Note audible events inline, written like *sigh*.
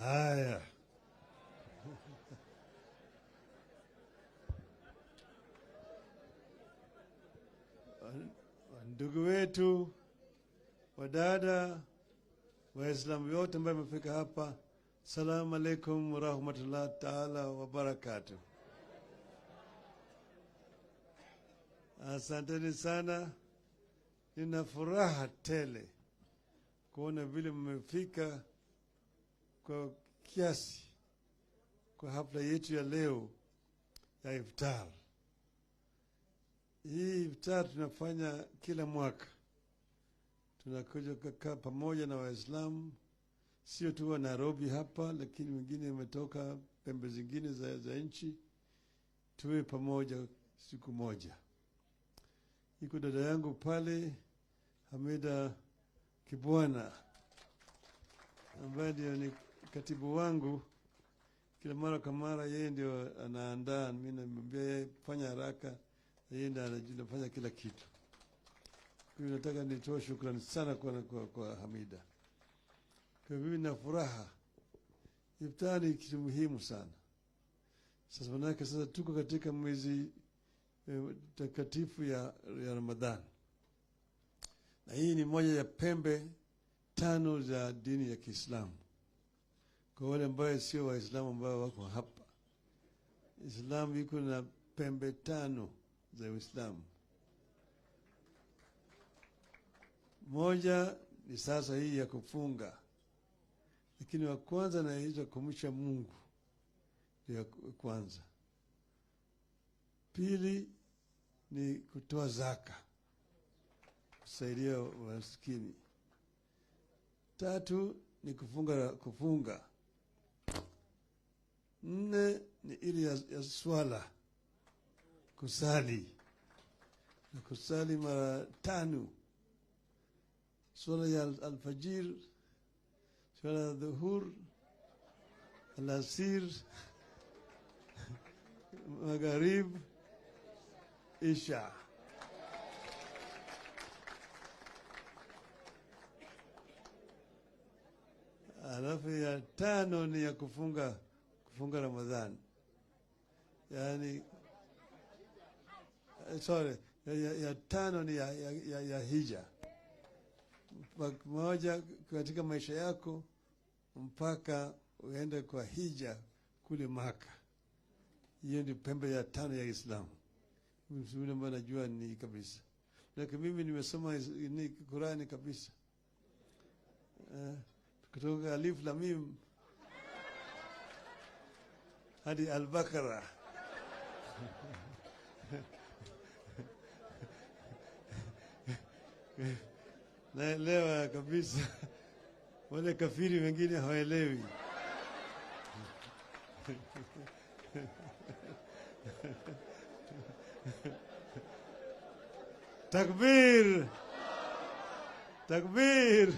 Haya, ndugu wetu wadada Waislamu yote ambao amefika hapa, salamu alaikum warahmatullahi taala wabarakatu Asanteni sana, nina furaha tele kuona vile mmefika kwa kiasi kwa hafla yetu ya leo ya iftar. Hii iftar tunafanya kila mwaka, tunakuja kukaa pamoja na Waislamu sio tu wa Nairobi hapa, lakini wengine wametoka pembe zingine za, za nchi, tuwe pamoja siku moja. Iko dada yangu pale Hamida Kibwana ambaye ndio katibu wangu kila mara kwa mara, yeye ndio anaandaa, mimi namwambia yeye fanya haraka, yeye ndio anafanya kila kitu. Mimi nataka nitoe shukrani sana kwa, kwa, kwa Hamida. Kwa mimi na furaha, iftari ni kitu muhimu sana. Sasa manake sasa tuko katika mwezi eh, takatifu ya, ya Ramadhani na hii ni moja ya pembe tano za dini ya Kiislamu kwa wale ambao sio Waislamu ambao wako hapa. Islamu iko na pembe tano za Uislamu. Moja ni sasa hii ya kufunga, lakini wa kwanza naitwa kumcha Mungu, ndio ya kwanza. Pili ni kutoa zaka, kusaidia maskini. Tatu ni kufunga kufunga Nne ni ile ya, ya swala kusali na kusali mara tano, swala ya alfajir, swala ya dhuhur, alasir, *laughs* magharib, isha. Alafu ya tano ni ya kufunga kufunga Ramadhani yani, sorry, ya, ya, ya tano ni ya, ya, ya, ya hija moja katika maisha yako mpaka uende kwa hija kule Maka. Hiyo ni pembe ya tano ya Islamu, msumini ambayo najua ni kabisa, lakini mimi nimesoma ni Qurani kabisa, eh, kutoka alif Mim هذه البكرة Naelewa kabisa wale kafiri wengine hawaelewi. Takbir! Takbir!